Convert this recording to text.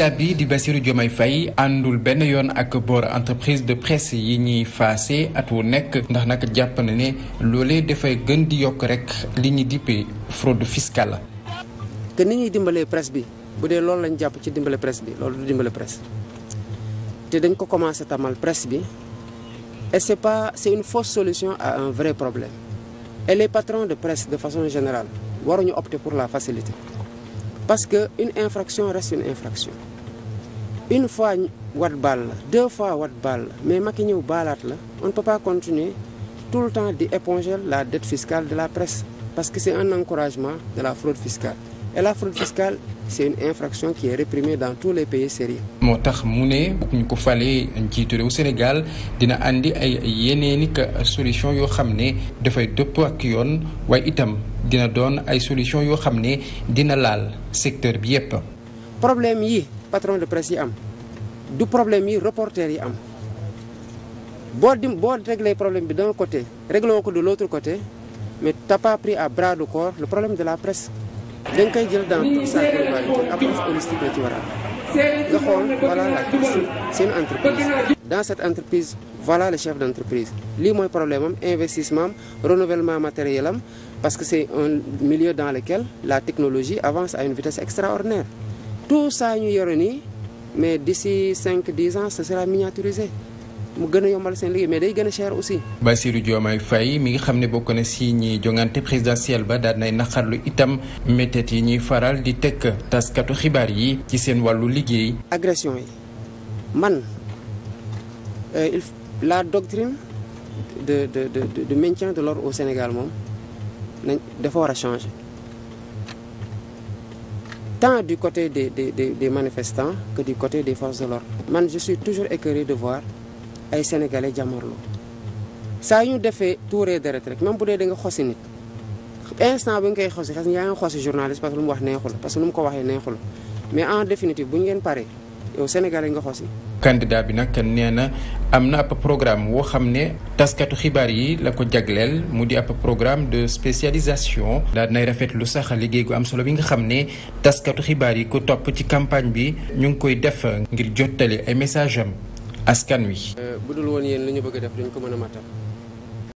candidat bi di Bassirou Diomaye fay àndul benn yoon ak boor entreprise de presse yi ñuy faase at wu nekk ndax nag jàpp na ne loolee dafay gën di yokk rek li ñu dippee fraude fiscale la. que ni ñuy dimbalee presse bi bu dee loolu lañ jàpp ci dimbale presse bi loolu du dimbale presse te dañ ko commencé tamal press bi et c'est pas c'est une fausse solution à un vrai problème et les patrons de presse de façon générale waruñu opter pour la facilité. parce que une infraction reste une infraction une fois wat baal la deux fois wat baal la mais Macky ñëw baalaat la on ne peut pas continuer tout le temps di éponger la dette fiscale de la presse parce que c'est un encouragement de la fraude fiscale et la fraude fiscale c'est une infraction qui est réprimée dans tous les pays sérieux moo tax mu ne bu ñu ko falee njiitu réew Sénégal dina andi ay yeneeni ka solution yoo xam ne dafay dëppoo ak yoon waaye itam dina doon ay solution yoo xam ne dina laal secteur bi yépp problème yi patron de presse yi am du problème yi reporter yi am boo dim boo réglé problème bi d'un côté réglé ko de l'autre côté mais t'as pris à bras de corps le problème de la presse dañ koy jël dans sa globalité approche holistique la ci war a voilà la question c'est une entreprise dans cette entreprise voilà le chef d'entreprise lii mooy problème am investissement am renouvellement matériel am parce que c'est un milieu dans lequel la technologie avance à une vitesse extraordinaire tout ça ñu yore nii mais d'ici cinq dix ans ce sera miniaturisé mu gën a yombal seen liggéey mais day gën a cher aussi. Bassirou Diomaye Faye mi nga xam ne bokk na si ñi jongante présidentielle ba daal nay naqarlu itam méttet yi ñuy faral di tekk taskatu xibaar yi ci seen wàllu liggéey. agression yi man euh, la doctrine de de de de maintien de l'ordre au Sénégal moom nañ dafa war a changer tant côté des des des des manifestants que du côté de l'ordre man je toujours écœuré de voir. ay sénégalais jamarloo saa ñu defee tuuree deret rek même bu dee da nga xosi nit instant bi nga koy xosi xas yaa ngi xosi journaliste parce que lu mu wax neexul parce que lu mu ko waxee neexul mais en définitive bu ñu ngeen paree yow sénégalais nga xosi. candidat bi nag nee na am na ab programme woo xam ne taskatu xibaar yi la ko jagleel mu di ab programme de spécialisation. daal nay rafet lu sax liggéey gu am solo bi nga xam ne taskatu xibaar yi ko topp ci campagne bi ñu ngi koy def ngir jottali ay message am. askan wi. Euh, bu dul woon yéen li ñu bëgg def duñ ko mën a matal.